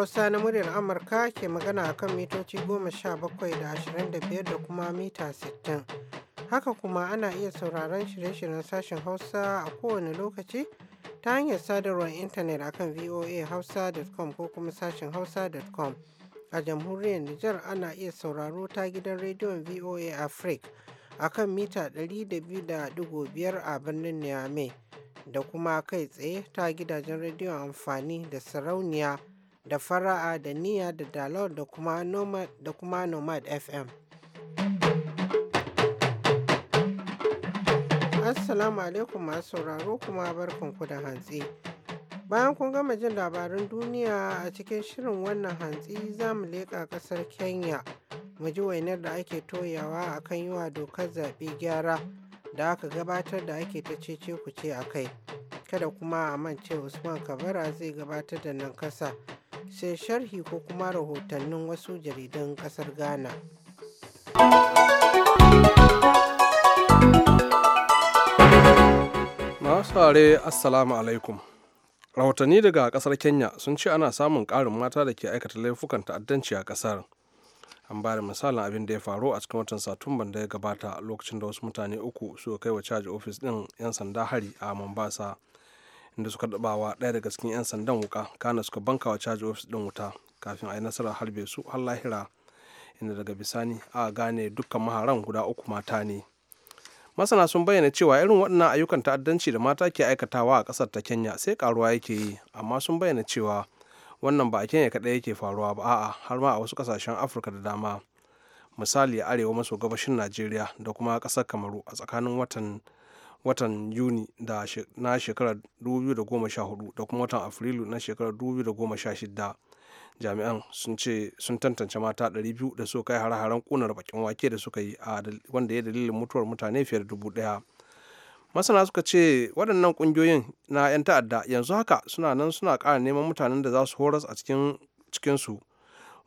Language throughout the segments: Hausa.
Hausa na muryar Amurka ke magana a kan mitoci bakwai da ashirin da kuma mita 60. Haka kuma ana iya sauraron shirye-shiryen sashen Hausa a kowane lokaci ta hanyar sadarwar intanet akan voahausa.com ko kuma sashen hausa.com. A jamhuriyar Nijar ana iya sauraro ta gidan rediyon VOA Africa a kan mita 200.5 a birnin Niamey da kuma kai tsaye ta gidajen rediyon amfani da sarauniya da fara'a da niya, da dalol da kuma nomad da kuma nomad fm assalamu alaikum masu sauraro kuma barkanku da hantsi bayan kun gama jin labarin duniya a cikin shirin wannan hantsi za mu leƙa ƙasar kenya mu ji wainar da ake toyawa a kan yi wa dokar zaɓe gyara da aka gabatar da ake ta cece ku ce a kai kada kuma a mance usman kabara zai gabatar da nan kasa sai sharhi ko kuma rahotannin wasu jaridan ƙasar Ghana. Masu are Assalamu alaikum. Rahotanni daga kasar Kenya sun ce ana samun ƙarin mata da ke aikata laifukan ta'addanci a ƙasar. an ba da misalin abin da ya faru a cikin watan satumban da ya gabata lokacin da wasu mutane uku suka kai wa caji ofis din 'yan sanda hari a mombasa da suka wa ɗaya daga cikin 'yan sandan wuka kana suka banka wa caji ofis ɗin wuta kafin a yi nasarar harbe su har lahira inda daga bisani a gane dukkan maharan guda uku mata ne masana sun bayyana cewa irin waɗannan ayyukan ta'addanci da mata ke aikatawa a ƙasar ta kenya sai karuwa yake yi amma sun bayyana cewa wannan ba a kenya kaɗai yake faruwa ba a'a har ma a wasu ƙasashen afirka da dama misali a arewa maso gabashin najeriya da kuma ƙasar kamaru a tsakanin watan watan yuni da na shekarar 2014 da kuma watan afrilu na shekarar 2016 jami'an sun ce sun tantance mata 200 da suka kai hare-haren kunar bakin wake da suka yi a wanda ya dalilin mutuwar mutane fiye da dubu daya masana suka ce waɗannan ƙungiyoyin na 'yan ta'adda yanzu haka suna nan suna ƙara neman mutanen da za su horas a cikinsu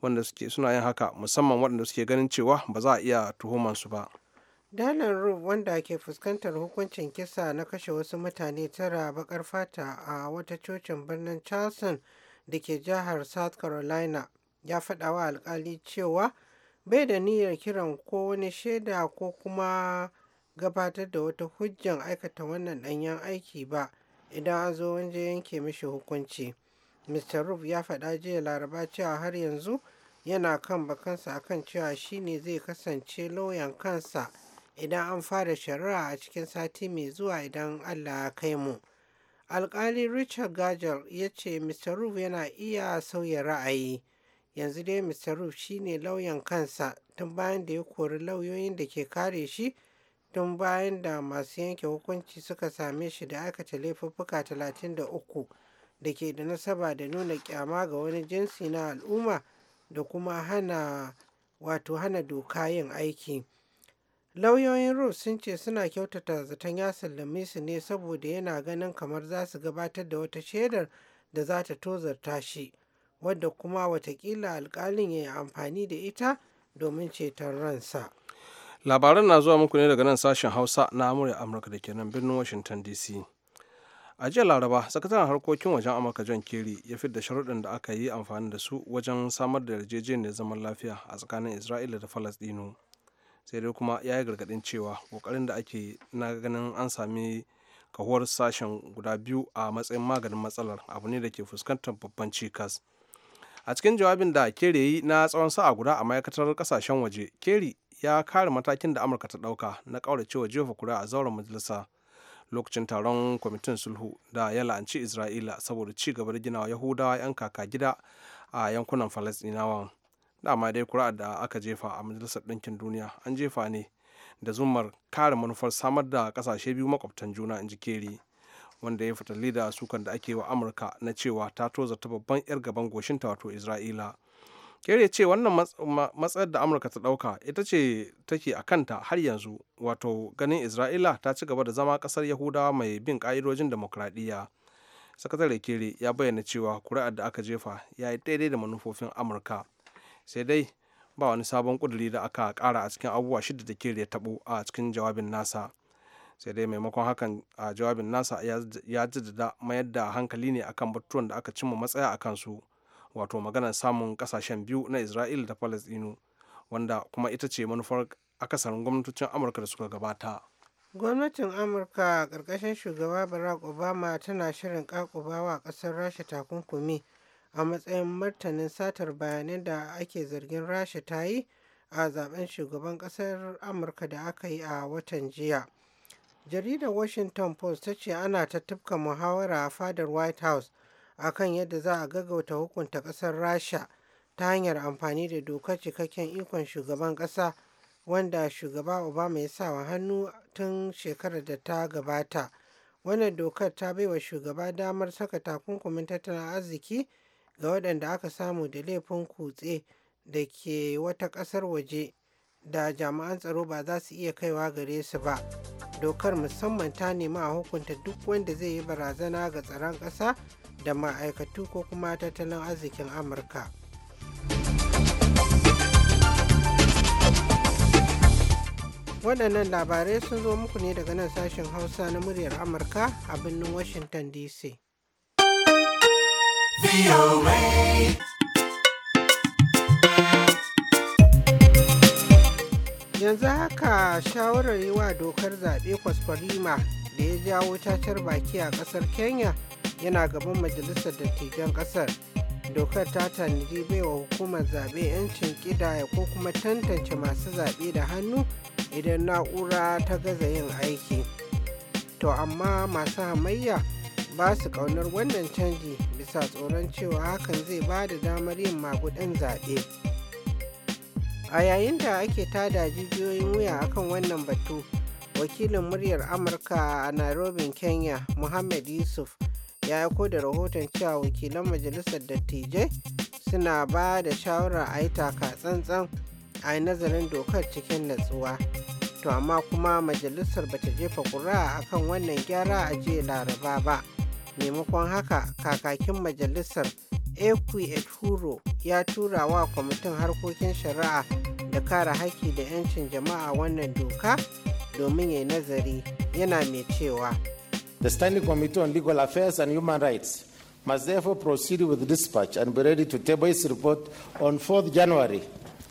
wanda suke suna yin haka musamman waɗanda suke ganin cewa ba za a iya tuhumansu ba Dylan ruf wanda ke fuskantar hukuncin kisa na kashe wasu mutane tara bakar fata a wata cocin birnin Charleston da ke jihar South Carolina ya faɗa wa alkali cewa bai da niyyar kiran ko wani shaida ko kuma gabatar da wata hujjan aikata wannan ɗanyen aiki ba idan an zo wanje yanke mishi hukunci. Mr. Roof ya faɗa jiya laraba cewa har yanzu yana kan bakansa akan cewa shi ne zai kasance lauyan kansa. idan an fara shari'a a cikin sati mai zuwa idan Allah ya kai mu. Alkali Richard Gajal ya ce Mr. Roof yana iya sauya ra'ayi. Yanzu dai Mr. Roof shine lauyan kansa tun bayan da ya kori lauyoyin da ke kare shi tun bayan da masu yanke hukunci suka same shi da aikata laifuffuka 33 da ke da nasaba da nuna kyama ga wani jinsi na al'umma da kuma hana wato hana doka yin aiki. Lauyoyin Rose sun ce suna kyautata zaton ya sallame su ne saboda yana ganin kamar za su gabatar da wata shaidar da za ta tozarta shi, wadda kuma watakila alkalin ya yi amfani da ita domin ceton ransa. Labaran na zuwa muku ne daga nan sashen Hausa na Amurka Amurka da ke nan birnin Washington DC. a jiya laraba sakataren harkokin wajen amurka john kerry ya fidda sharuɗin da aka yi amfani da su wajen samar da yarjejeniyar zaman lafiya a tsakanin isra'ila da falasɗinu. sai dai kuma ya yi gargaɗin cewa ƙoƙarin da ake na ganin an sami kahuwar sashen guda biyu a matsayin maganin matsalar abu ne da ke fuskantar babban cikas a cikin jawabin da kere yi na tsawon sa'a guda a ma'aikatar kasashen waje keri ya kare matakin da amurka ta ɗauka na cewa jefa kura a zauren majalisa lokacin taron kwamitin sulhu da ya la'anci isra'ila saboda ci gaba da ginawa yahudawa 'yan kaka gida a yankunan falasdinawa dama dai kura da aka jefa a majalisar ɗinkin duniya an jefa ne da zumar kare manufar samar da kasashe biyu makwabtan juna in ji keri wanda ya fitalli da sukan da ake wa amurka na cewa ta toza ta babban yar gaban goshin ta wato isra'ila kere ce wannan matsayar da amurka ta ɗauka ita ce take a kanta har yanzu wato ganin isra'ila ta ci gaba da zama ƙasar yahudawa mai bin ƙa'idojin demokradiyya sakatare kere ya bayyana cewa kuri'ar da aka jefa ya yi daidai da manufofin amurka sai dai ba wani sabon kuduri da aka kara a cikin abubuwa shida da ke ya tabo a cikin jawabin nasa sai dai maimakon hakan a jawabin nasa ya jaddada mayar da hankali ne akan batutuwan da aka cimma matsaya a kansu wato maganar samun kasashen biyu na isra'ila da palestinu wanda kuma ita ce manufar akasarin gwamnatocin amurka da suka gabata gwamnatin amurka karkashin shugaba barack obama tana shirin ƙaƙubawa ƙasar rasha takunkumi a matsayin martanin satar bayanai da ake zargin rasha ta yi a zaben shugaban kasar amurka da aka yi a watan jiya jaridar washington post ta ce ana ta tafka muhawara a fadar white house a kan yadda za a gaggauta hukunta kasar rasha ta hanyar amfani da dokar cikakken ikon shugaban kasa wanda shugaba obama ya sa wa hannu tun shekarar da ta gabata wannan dokar ta baiwa shugaba damar saka takunkumin tattalin arziki ga waɗanda aka samu da laifin kutse da ke wata ƙasar waje da jami'an tsaro ba za su iya kaiwa gare su ba dokar musamman ta nemi a hukunta duk wanda zai yi barazana ga tsaron ƙasa da ma'aikatu ko kuma tattalin arzikin amurka waɗannan labarai sun zo muku ne daga nan sashen hausa na muryar amurka a birnin washington dc yanzu haka shawarar yi wa dokar zaɓe kwasfarima da ya jawo cacar baki a ƙasar kenya yana gaban majalisar dattijan ƙasar dokar ta tanadi baiwa hukumar zaɓe 'yancin ƙidaya ko kuma tantance masu zaɓe da hannu idan na'ura ta gaza yin aiki to amma masu hamayya ba su kaunar wannan canji bisa tsoron cewa hakan zai ba da damar yin magudan zaɓe a yayin da ake tada jijiyoyin wuya akan wannan batu wakilin muryar amurka a nairobi kenya muhammad yusuf ya aiko da rahoton cewa wakilan majalisar dattijai suna ba da shawarar a yi taka tsantsan a yi nazarin dokar cikin natsuwa to amma kuma majalisar bata jefa ƙuri'a akan wannan gyara a jiya laraba ba maimakon haka kakakin majalisar huro ya tura wa kwamitin harkokin shari'a da kare haƙƙi da 'yancin jama'a wannan doka domin ya nazari yana mai cewa the standing committee on legal affairs and human rights must therefore proceed with dispatch and be ready to table its report on 4th january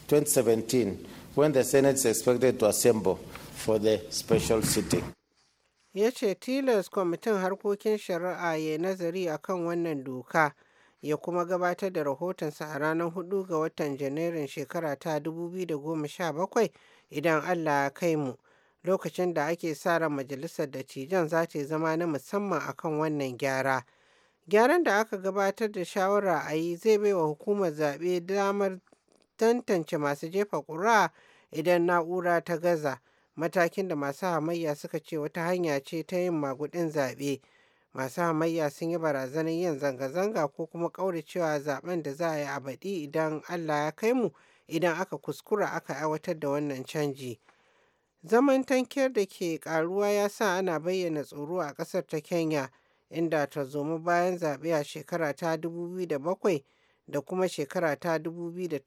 2017 when the senate is expected to assemble for the special sitting ya ce tilas kwamitin harkokin shari'a ya nazari a kan wannan doka ya kuma gabatar da rahotonsa a ranar 4 ga watan janairun shekara ta 2017 idan allah ya kai mu lokacin da ake tsara ran majalisar dattijan za ta zama na musamman a kan wannan gyara gyaran da aka gabatar da shawara a yi zai bai wa hukumar zaɓe damar tantance masu jefa ƙura idan na'ura ta gaza matakin da masu hamayya suka ce wata hanya ce ta yin magudin zaɓe masu hamayya sun yi barazanar yin zanga-zanga ko kuma ƙauracewa zaben da za a yi a baɗi idan allah ya kai mu idan aka kuskura aka aiwatar da wannan canji zaman tankiyar da ke karuwa ya sa ana bayyana tsoro a ƙasar ta kenya inda ta zoma bayan zaɓe a shekara ta 2007 da kuma shekara ta 2008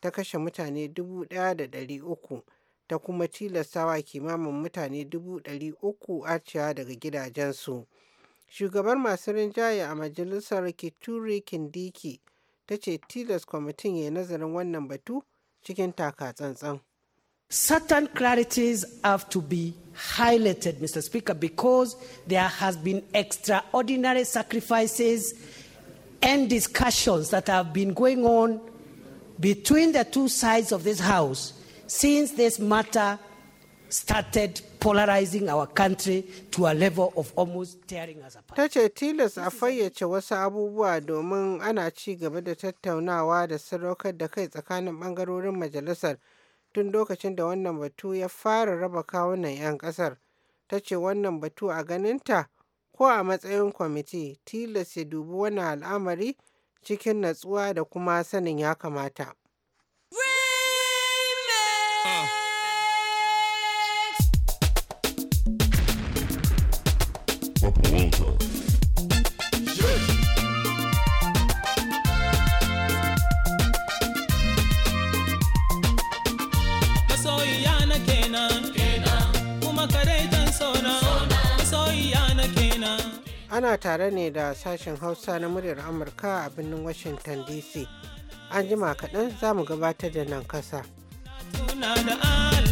ta kashe mutane 1,300 ta kuma tilastawa kimamin mutane dubu ɗari uku arcewa daga gidajensu. Shugabar masu rinjaye a majalisar Kituri Kindiki ta ce tilas kwamitin ya nazarin wannan batu cikin taka tsantsan. Certain clarities have to be highlighted, Mr. Speaker, because there has been extraordinary sacrifices and discussions that have been going on between the two sides of this House since this matter started polarizing our country to a level of almost tearing us apart. Ta ce tilas a fayyace wasu abubuwa domin ana ci gaba da tattaunawa da sadaukar da kai tsakanin bangarorin majalisar tun lokacin da wannan batu ya fara raba kawunan 'yan kasar. Ta ce wannan batu a ganinta ko a matsayin kwamiti tilas ya dubi wannan al'amari cikin natsuwa da kuma sanin ya kamata. ana tare ne da sashen hausa na muryar amurka a birnin washington dc an jima kaɗan za mu gabatar da nan kasa لا لا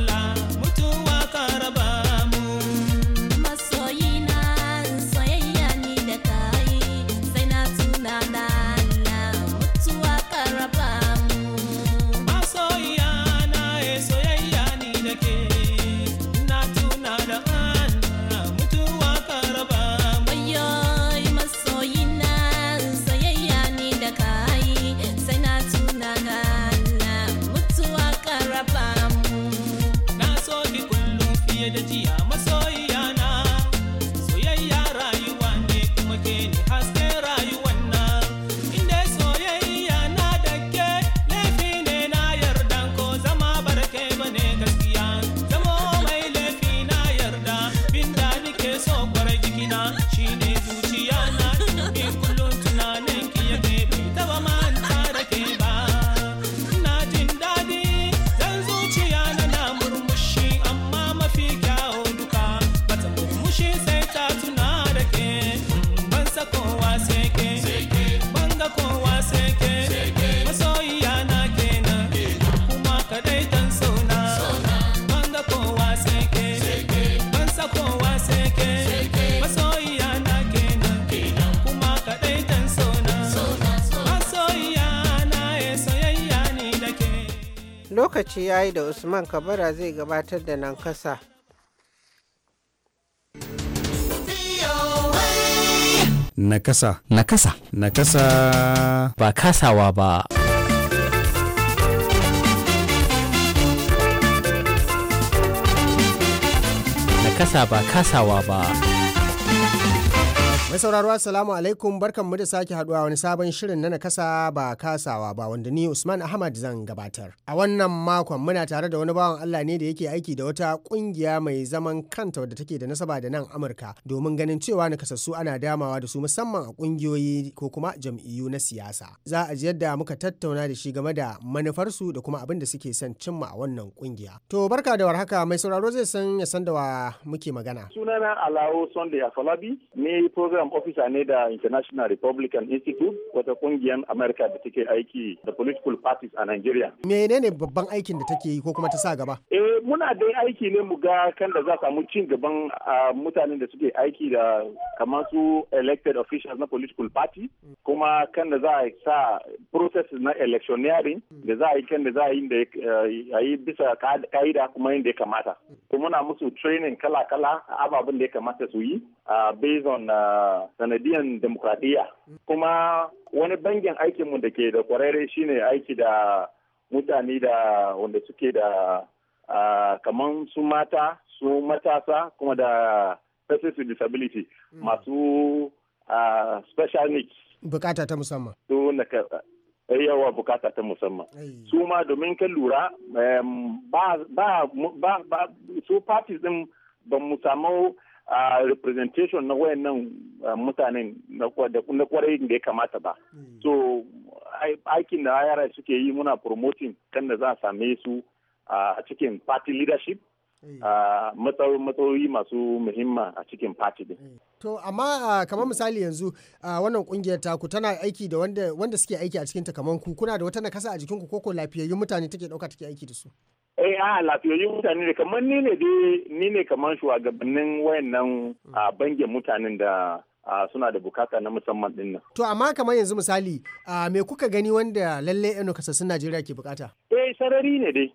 lokaci ya yi da usman kabara zai gabatar da nan kasa nakasa nakasa nakasa ba kasawa ba nakasa ba kasawa ba Mai sauraro Assalamu alaikum barkan mu da sake haduwa wani sabon shirin na nakasa ba kasawa ba wanda ni Usman Ahmad zan gabatar. A wannan makon muna tare da wani bawan Allah ne da yake aiki da wata kungiya mai zaman kanta wadda take da nasaba da nan Amurka domin ganin cewa na kasassu ana damawa da su musamman a kungiyoyi ko kuma jam'iyyu na siyasa. Za a ji yadda muka tattauna da shi game da manufarsu da kuma abin da suke son cimma a wannan kungiya. To barka da warhaka mai sauraro zai san ya san da wa muke magana. Sunana Alawo Sunday Afalabi ne program program officer ne da International Republican Institute wata kungiyar America da take aiki da political parties a Nigeria. Menene babban aikin da take yi ko kuma ta sa gaba? Eh muna dai aiki ne mu ga kan da za samu cin gaban mutanen da suke aiki da kamar su elected officials na political party kuma kan da za a sa processes na electioneering da za a yi kan da za a yi da eh, a yi bisa ka'ida kuma yin da ya kamata. Kuma muna musu training kala-kala ababen da ya kamata su yi ah, based on uh, sanadiyan demokradiyya kuma wani bangin aikinmu da ke da kwararre shine aiki da mutane da wanda suke da kamar su mata su matasa kuma da persons with disability hmm. masu special needs bukata ta musamman su eh, yawa bukata ta musamman su ma domin kan lura ba su parties din ba mu samu a representation na wayannan mutanen na kwarai da ya kamata ba hmm. so aikin da yara suke yi muna promoting kan da za a same su a cikin party leadership hmm. matsayoyi masu muhimma a cikin party din. Hmm. To amma kamar misali yanzu wannan kungiyar taku tana aiki da wanda suke aiki a cikin ta ku kuna da wata nakasa a jikinku koko lafiyayyun mutane take dauka take aiki da su. eh a lafiyoyin mutane ne kamar ni ne dai ni ne kamar shugabannin wayannan a bangin mutanen da suna da bukata na musamman din nan. To amma kamar yanzu misali me kuka gani wanda lalle yan kasassun Najeriya ke bukata? Eh sarari ne dai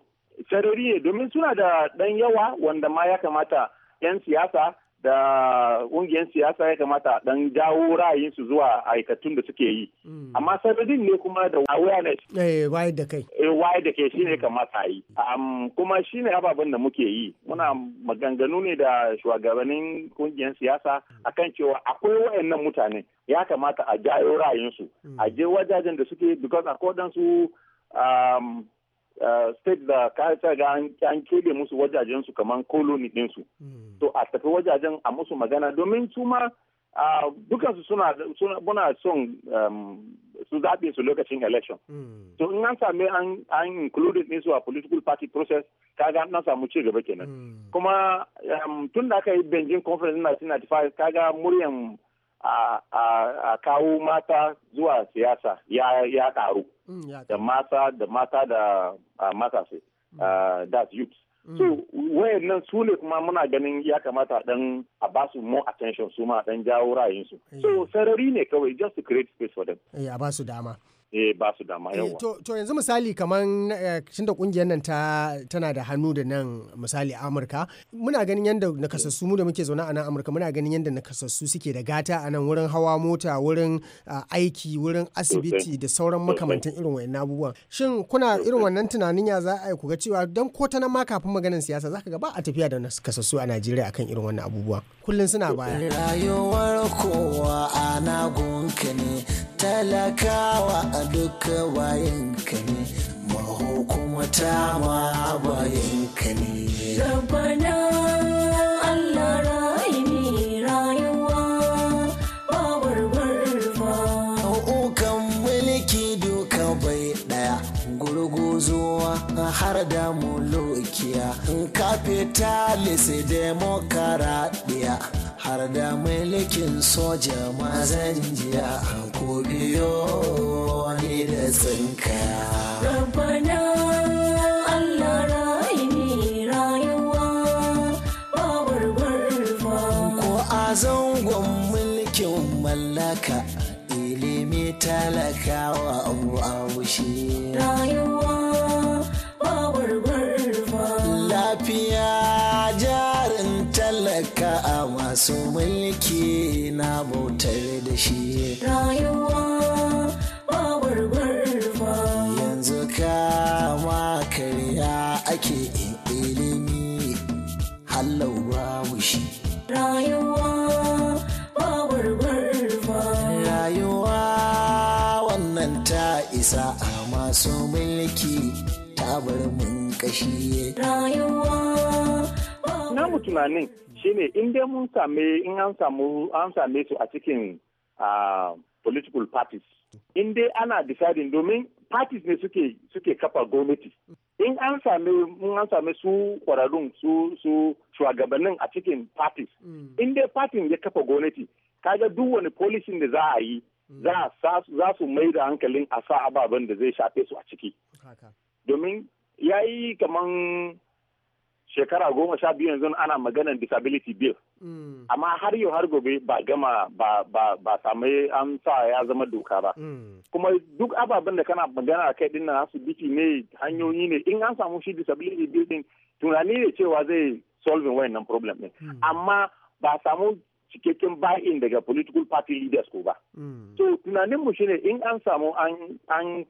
sarari ne domin suna da dan yawa wanda ma ya kamata yan siyasa da ƙungiyar siyasa ya kamata dan jawo ra'ayinsu zuwa aikatun da suke yi. Mm. Amma sanadin ne kuma da awareness. Eh, wayar da kai. Eh, da kai shine kamata yi. kuma shine ababen da muke yi. Muna maganganu ne da shugabannin ƙungiyar siyasa akan cewa akwai wayannan mutane ya kamata a jawo ra'ayinsu. Mm. A je wajajen da suke because accordance su Eh, state da ka ga an kebe musu wajajen su kamar koloni ɗinsu hmm. to a tafi wajajen a musu magana domin su ma dukansu suna son su zaɓe su lokacin election hmm. to in an same an included su a political party process kaga an samu ci gaba kenan hmm. kuma tun da aka yi Beijing conference na 1995 kaga muryan a kawo mata zuwa siyasa ya ƙaru. Mm, da mata da mata da mm. youth mm. so wayannan su ne kuma muna ganin ya kamata dan a ba su more attention su ma dan jawo ra'ayinsu eh. so sarari ne kawai just to create space for them eh a ba su dama eh ba su dama eh, yawa. To yanzu misali kamar eh, tun da kungiyar nan ta tana da hannu da nan misali Amurka muna ganin yadda nakasassu mu da muke zaune a nan Amurka muna ganin yadda nakasassu suke da gata a nan wurin hawa mota wurin aiki wurin asibiti da sauran makamantan irin wayannan abubuwan. Shin kuna irin wannan tunanin ya za a yi ga cewa don ko ta nan ma kafin maganin siyasa zaka ga ba a tafiya da nakasassu a Najeriya akan irin wannan abubuwa. Kullum suna baya. Rayuwar kowa ana talakawa a duka wayanka ne mahukumata ma bayanka ne rabbana allah ra'ini rayuwa babar barfa ukan mulki duka bai ɗaya gurguzuwa har da mulukiya kapitalist demokaradiyya har da mulkin soja mazan jiya ku biyo ni da tsinka. Rabbana Allah raini rayuwa babar barfa. Ko a zangon mulkin mallaka ilimi talakawa abu a wushe. Rayuwa. masu mulki na bautar da shi rayuwa ba gwargwarfa yanzu kama karya ake ilimi hallau babu shi rayuwa ba gwargwarfa rayuwa wannan ta isa a masu mulki ta bar mun kashi rayuwa namu tunanin shine in dai mun same in an samu an same su a cikin political parties in dai ana deciding domin parties ne suke suke kafa gwamnati in an same mun an same su kwararrun su su shugabannin a cikin parties mm. in dai party ya kafa gwamnati kaga duk wani policy da za a yi mm. za su mai da hankalin a sa ababen da zai shafe su a ciki domin yayi kaman shekara goma sha biyu yanzu ana maganan disability bill mm. amma har yau har gobe ba gama ba samu an sa ya zama doka ba mm. kuma duk ababen da kana magana kai din nan asibiti ne hanyoyi ne in an samu shi disability bill din tunani ne cewa zai solving wayannan problem ne mm. amma ba samu cikakken buy-in daga political party leaders ko ba. Mm. So tunanin mu shine in an samu an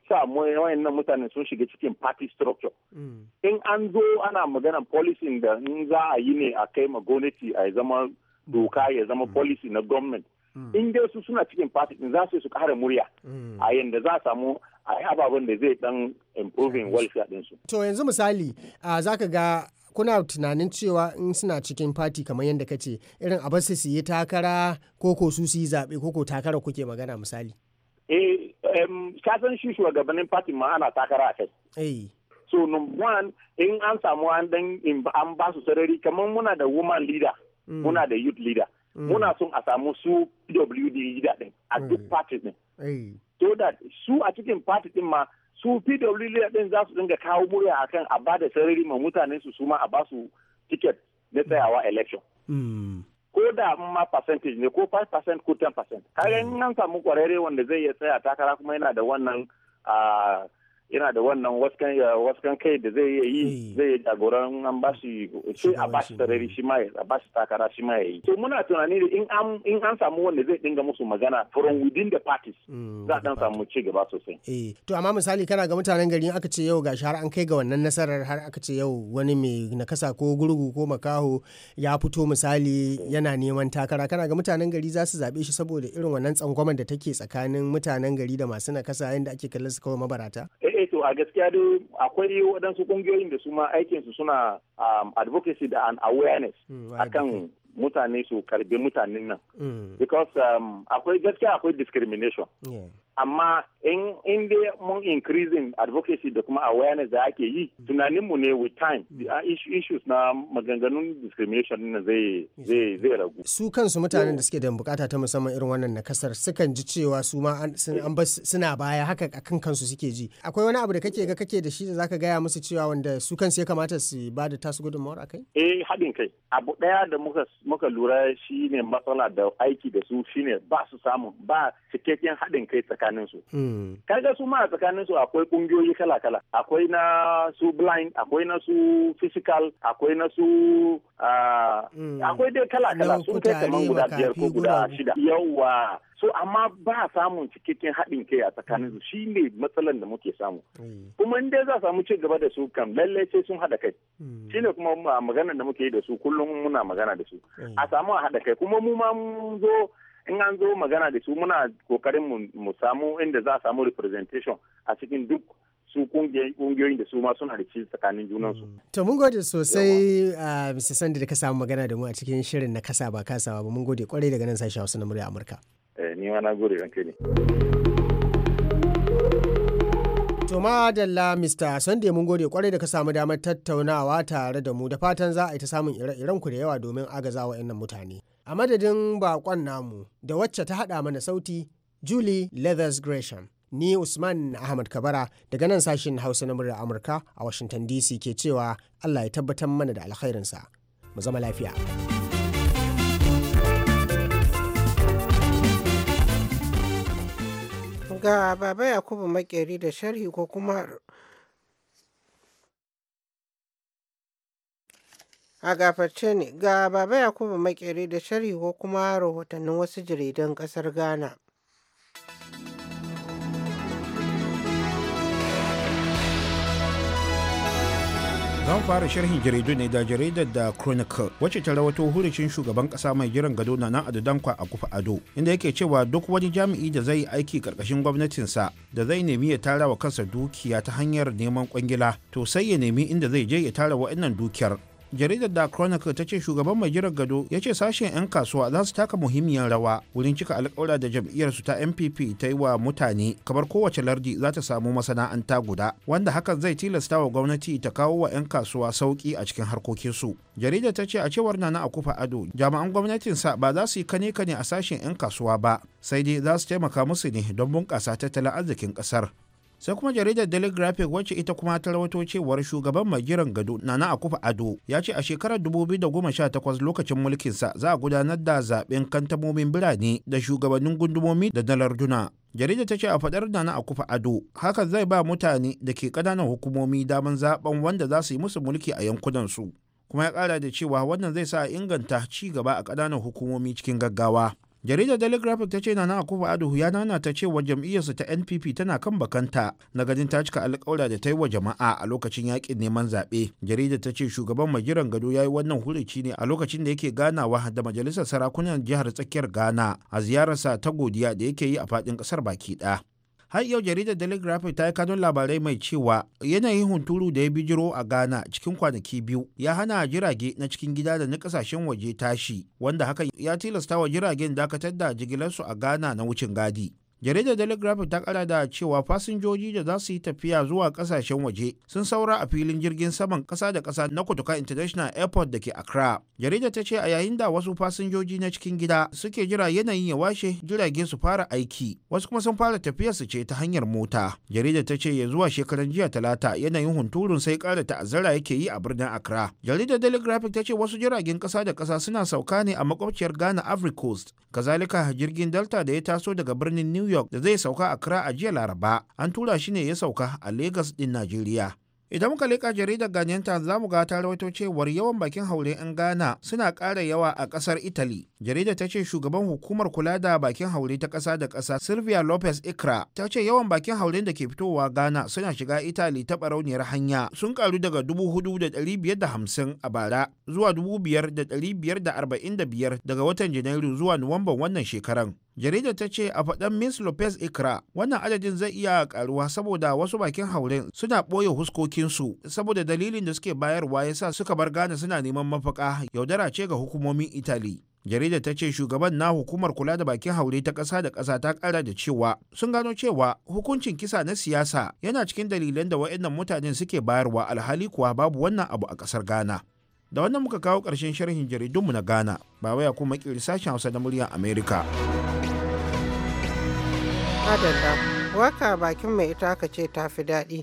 samu wayannan mutane sun shiga cikin party structure. Mm. In an zo ana magana policy da in za a yi ne a kai ma gwamnati a zama doka ya zama mm. policy na government. In dai su suna cikin party din za su su kara murya. A yanda za a samu a yi ababen da zai dan improving welfare ɗinsu. To yanzu misali za ka ga kuna tunanin cewa in suna cikin fati kamar yadda ka ce irin a basu su yi takara ko ko su su yi zaɓe ko ko takara kuke magana misali. Eh, kasan shi shugabannin fatin ma ana takara a kai. Eh. So, number one, in an samu an dan an ba su sarari kamar muna da woman leader, mm. muna da youth leader. Mm. Muna son a samu su PWD leader din a mm. duk party din. Eh. So that su a cikin party din ma su pwd ɗin za su dinga kawo murya akan a ba da sarari ma mutane su suma a ba su ticket na tsayawa election hmm. ko da ma percentage ne ko 5% ko 10% kaga in an samu kwararre wanda zai iya tsaya takara kuma yana da wannan ah, yana da wannan waskan kai da zai yi eh. zai jagoran an ba shi sai a ba shi tarari shi ma a ba shi takara shi ma yayi to muna tunani da in an samu wanda zai dinga musu magana from within the parties mm, za a dan samu ci gaba sosai eh to amma misali kana ga mutanen gari aka ce yau gashi har an kai ga wannan nasarar har aka ce yau wani mai nakasa ko gurgu ko makaho ya fito misali yana neman takara kana ga mutanen gari za su zabe shi saboda irin wannan tsangwamar da take tsakanin mutanen gari da masu nakasa yayin da ake kallon su kawai mabarata eh, eh to a gaskiya da akwai waɗansu ƙungiyoyin da su ma aikinsu suna um, advocacy da an awareness hmm, akan mutane su karbi mutanen nan hmm. because um, akwai gaskiya akwai discrimination amma in in dai mun increasing advocacy da kuma awareness da ake yi tunaninmu ne with time the uh, issues na maganganun discrimination na zai zai zai ragu su kansu mutanen da suke da bukata ta musamman irin wannan kasar sukan ji cewa su ma an suna baya haka akan kansu suke ji akwai wani abu da kake ga kake da shi da zaka gaya musu cewa wanda su kansu ya kamata su ba da tasu gudunmawar akai eh haɗin kai abu ɗaya da muka muka lura shine matsala da aiki da su shine ba su samu ba cikakken haɗin kai tsakanin tsakanin su mm. kaga su ma a tsakanin su akwai kungiyoyi kala kala akwai na su blind akwai na su physical akwai na su ah, mm. akwai dai kala kala sun kai kamar guda biyar ko guda shida Yawwa. so amma ba samun cikakken haɗin kai a tsakanin su shi ne matsalan da muke samu mm. kuma in dai za samu ci gaba da su kam lallai sai sun haɗa kai shi ne kuma maganar da muke yi da su kullum muna magana da su a samu a haɗa kai kuma mu ma mun zo in an zo magana da su muna kokarin mu samu inda za a samu representation a cikin duk su kungiyoyin da su ma suna da cikin tsakanin junansu. Mm. To mun gode sosai a uh, Mr. Sandy da ka samu magana da mu a cikin shirin na kasa ba kasawa ba mun gode kwarai daga nan sashen Hausa na murya Amurka. Eh ni ma na gode ranke ne. To madalla Mr. Sunday mun gode kwarai da ka samu damar tattaunawa tare da mu da fatan za a yi ta samun ire-iren ku da yawa domin agaza wa mutane. a madadin bakon namu da wacce ta hada mana sauti Julie Leathers Gresham. Ni Usman Ahmad Kabara daga nan sashin Hausa na muryar Amurka a Washington DC ke cewa Allah ya tabbatar mana da alkhairinsa. Mu zama lafiya. Ga Baba Yakubu Makeri da sharhi ko kuma A gafarce ne ga Baba Yakubu Makere da sharhi ko kuma rahotannin wasu jaridan kasar Ghana. zan fara sharhin jaridu ne da jaridar da chronicle wacce ta rawato hurucin shugaban kasa mai jiran gado na nan adadankwa a kufa ado inda yake cewa duk wani jami'i da zai aiki karkashin gwamnatinsa da zai nemi ya tara wa kansa dukiya ta hanyar neman kwangila to sai ya nemi inda zai je ya tara wa'annan dukiyar jaridar da chronicle ta ce shugaban mai jiran gado ya ce sashen 'yan kasuwa za su taka muhimmiyar rawa wurin cika alkawura da jam'iyyar su ta npp ta yi wa mutane kamar kowace lardi za ta samu masana'anta guda wanda hakan zai tilasta wa gwamnati ta kawo wa 'yan kasuwa sauki a cikin harkokinsu jaridar ta ce a cewar nana akufa ado jami'an gwamnatin sa ba za su yi kane kane a sashen 'yan kasuwa ba sai dai za su taimaka musu ne don bunƙasa tattalin arzikin ƙasar sai kuma jaridar daily graphic wacce ita kuma ta rawato cewar shugaban mai jiran gado nana akufa ado ya ce a shekarar 2018 lokacin mulkinsa za a gudanar da zaben kantamomin birane da shugabannin gundumomi da na larduna jaridar ta ce a fadar da na akufa ado hakan zai ba mutane da ke ƙananan hukumomi daman zaben wanda za su yi musu mulki a yankunansu kuma ya ƙara da cewa wannan zai sa a inganta ci gaba a ƙananan hukumomi cikin gaggawa jaridar daily graphic ta ce nana akufa aduhu ya nana ta cewa jam'iyyarsa ta npp tana kan bakanta na ganin ta cika alƙawura da ta yi wa jama'a a lokacin yakin neman zaɓe jaridar ta ce shugaban mai jiran gado ya yi wannan hulici ne a lokacin da yake ganawa da majalisar sarakunan jihar tsakiyar ghana a ziyararsa ta godiya da yake yi a faɗin ƙasar baki ɗaya har yau jaridar daily ta yi kanun labarai mai cewa yanayin hunturu da ya bijiro a ghana cikin kwanaki biyu ya hana jirage na cikin gida da na kasashen waje tashi wanda hakan ya tilasta wa jiragen dakatar da jigilarsu a ghana na wucin gadi jaridar telegraph ta kara da cewa fasinjoji da za su yi tafiya zuwa kasashen waje sun saura a filin jirgin saman kasa da kasa na kutuka international airport da ke accra jaridar ta ce a yayin da wasu fasinjoji na cikin gida suke jira yanayin ya washe jirage su fara aiki wasu kuma sun fara tafiya su ce ta hanyar mota jaridar ta ce ya zuwa shekaran jiya talata yanayin hunturun sai kara ta'azzara yake yi a birnin accra jaridar telegraph ta ce wasu jiragen kasa da kasa suna sauka ne a makwabciyar ghana ivory coast kazalika jirgin delta da ya taso daga birnin new york da zai sauka a kira a jiya laraba an tura shi ne ya sauka a lagos din najeriya idan muka leƙa jaridar ganyen ta za mu ga ta rawaito cewar yawan bakin haure 'yan ghana suna ƙara yawa a ƙasar italy jaridar ta ce shugaban hukumar kula da bakin haure ta ƙasa da ƙasa sylvia lopez ikra ta ce yawan bakin hauren da ke fitowa ghana suna shiga italy ta barauniyar hanya sun ƙaru daga dubu 4,550 a bara zuwa da arba'in biyar daga watan janairu zuwa nuwamban wannan shekaran jaridar ta ce a faɗan miss lopez ikra wannan adadin zai iya karuwa saboda wasu bakin hauren suna ɓoye huskokinsu saboda dalilin da suke bayarwa yasa suka bar gane suna neman mafaka yaudara ce ga hukumomin italy jaridar ta ce shugaban na hukumar kula da bakin haure ta ƙasa da ƙasa ta ƙara da cewa sun gano cewa hukuncin kisa na siyasa yana cikin dalilan da waɗannan mutanen suke bayarwa alhali kuwa babu wannan abu a ƙasar ghana da wannan muka kawo ƙarshen sharhin jaridunmu na ghana ba waya kuma ƙiri sashen hausa na muryar america Madalla, waka bakin mai ita aka ce ta fi daɗi.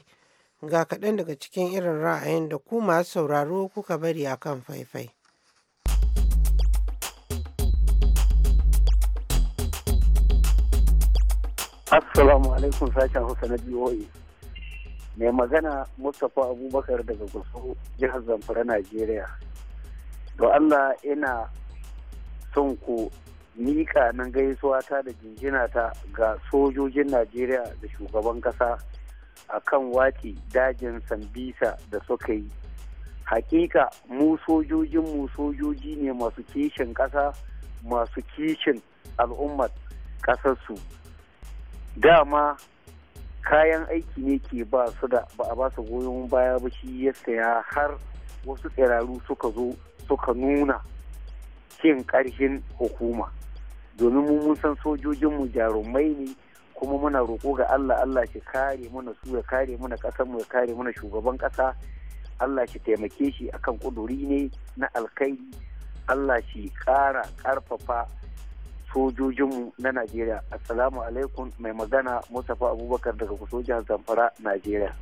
Ga kaɗan daga cikin irin ra'ayin da ku masu sauraro kuka bari a kan faifai. Assalamu alaikum sashen Hausa na BOA. Mai magana Mustapha Abubakar daga Gusu, jihar Zamfara, Najeriya. do Allah ina son ku miƙa nan gaisuwa ta da jinjina ta ga sojojin najeriya da shugaban ƙasa a kan wake dajin sambisa da suka yi hakika mu mu sojoji ne masu kishin ƙasa masu kishin al'ummar ƙasarsu dama kayan aiki ne ke ba su da ba a ba su goyon baya ba shi ya saya har wasu tsiraru suka zo suka nuna cin ƙarshen hukuma domin mu mun san sojojinmu jarumai ne kuma muna roƙo ga Allah Allah shi kare muna su ya kare muna ƙasar mu ya kare muna shugaban ƙasa Allah shi taimake shi akan kuduri ne na alkai Allah shi ƙara ƙarfafa sojojinmu na Najeriya. Assalamu alaikum mai magana Mustapha Abubakar daga kuso jihar Zamfara, Najeriya.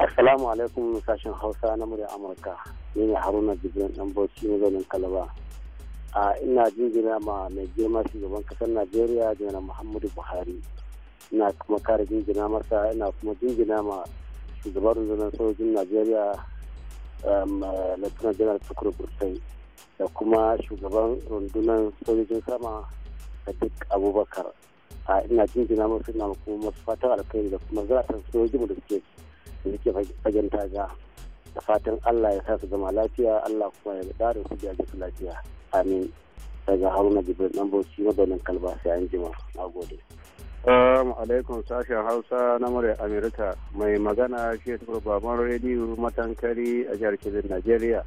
Assalamu alaikum sashen Hausa na murya Amurka. Ni ne Haruna Jibrin dan Bauchi mazaunin Kalaba. a ina jingina ma mai girma shugaban kasar najeriya janar muhammadu buhari ina kuma kare jingina masa ina kuma jingina ma shugaban rundunar sojin najeriya um, lieutenant general tukur burtai da kuma shugaban rundunar sojojin sama da duk abubakar a ina jingina masu ina kuma masu fatan alkairi da kuma zaratan sojin da suke suke fagen taga da fatan allah ya sa su zama lafiya allah kuma ya su lafiya amin daga haruna jibril dan bauchi mazanin kalba sai an jima na gode Assalamu alaikum sashen Hausa na murya Amerika mai magana shi baban rediyo matankari a jihar Kebbi Najeriya.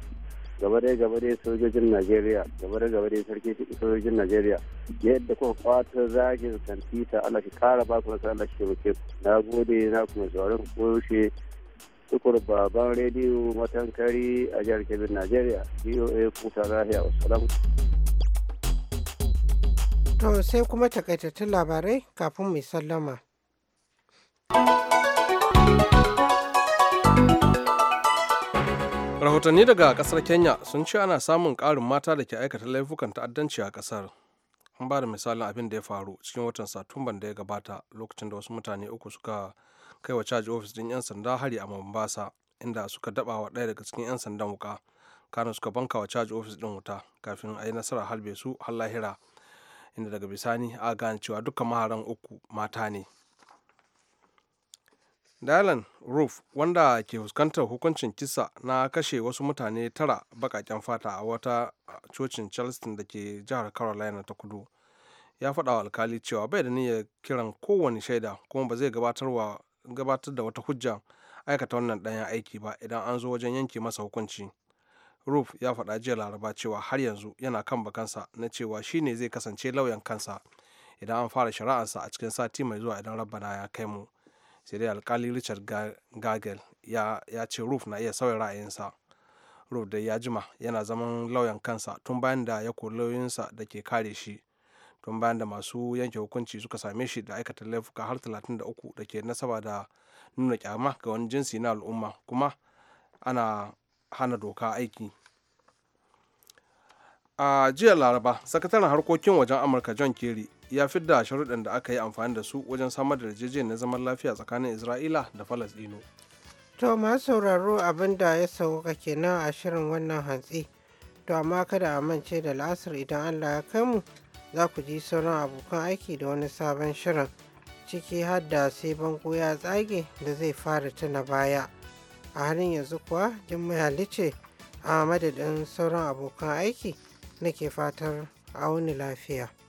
Gaba dai gaba dai sojojin Najeriya, gaba dai gaba dai sarki sojojin Najeriya. Yadda kuka kwata zagin kan Allah shi kara ba ku nasa Allah shi ke Na gode na kuma sauran koyaushe tukur baban rediyo matankari a jihar kebbi najeriya voa kuta lahiya wasu to sai kuma takaitattun labarai kafin mai sallama rahotanni daga kasar kenya sun ce ana samun karin mata da ke aikata laifukan ta'addanci a kasar an ba da misalin abin da ya faru cikin watan satumban da ya gabata lokacin da wasu mutane uku suka kai wa caji ofis ɗin 'yan sanda hari a mombasa inda suka daba wa ɗaya daga cikin 'yan sandan wuka kano suka banka wa caji ofis ɗin wuta kafin a yi nasarar halbe su har lahira inda daga bisani a gane cewa dukkan maharan uku mata ne Dylan Roof wanda ke fuskantar hukuncin kisa na kashe wasu mutane tara bakaken fata a wata cocin Charleston da ke jihar Carolina ta kudu ya faɗa wa alkali cewa bai da niyyar kiran kowane shaida kuma ba zai gabatar wa gabatar da wata hujja aikata wannan ɗanyen aiki ba idan an zo wajen yanke masa hukunci roof ya faɗa jiya laraba cewa har yanzu yana kan bakansa na cewa shi ne zai kasance lauyan kansa idan an fara shari'arsa a cikin sati mai zuwa idan rabbana ya kai mu sai dai alkali richard gagel ya ce roof na iya sauya ra'ayinsa roof da ya jima yana zaman lauyan kansa tun bayan da ya kori lauyinsa da ke kare shi tun bayan da masu yanke hukunci suka same shi da aikata laifuka har 33 da ke nasaba da nuna kyama ga wani jinsi na al'umma kuma ana hana doka aiki a jiya laraba sakataren harkokin wajen amurka john kerry ya fidda sharuɗan da aka yi amfani da su wajen samar da yarjejeniyar zaman lafiya tsakanin isra'ila da falasɗinu to masu sauraro abin da ya sauka kenan a shirin wannan hantsi to amma kada a mance da la'asar idan allah ya kai mu za ku ji sauran abokan aiki da wani sabon shirin ciki har da sai bango ya tsage da zai fara tuna baya a halin yanzu kuwa jimmai halice a madadin sauran abokan aiki nake fatar auni lafiya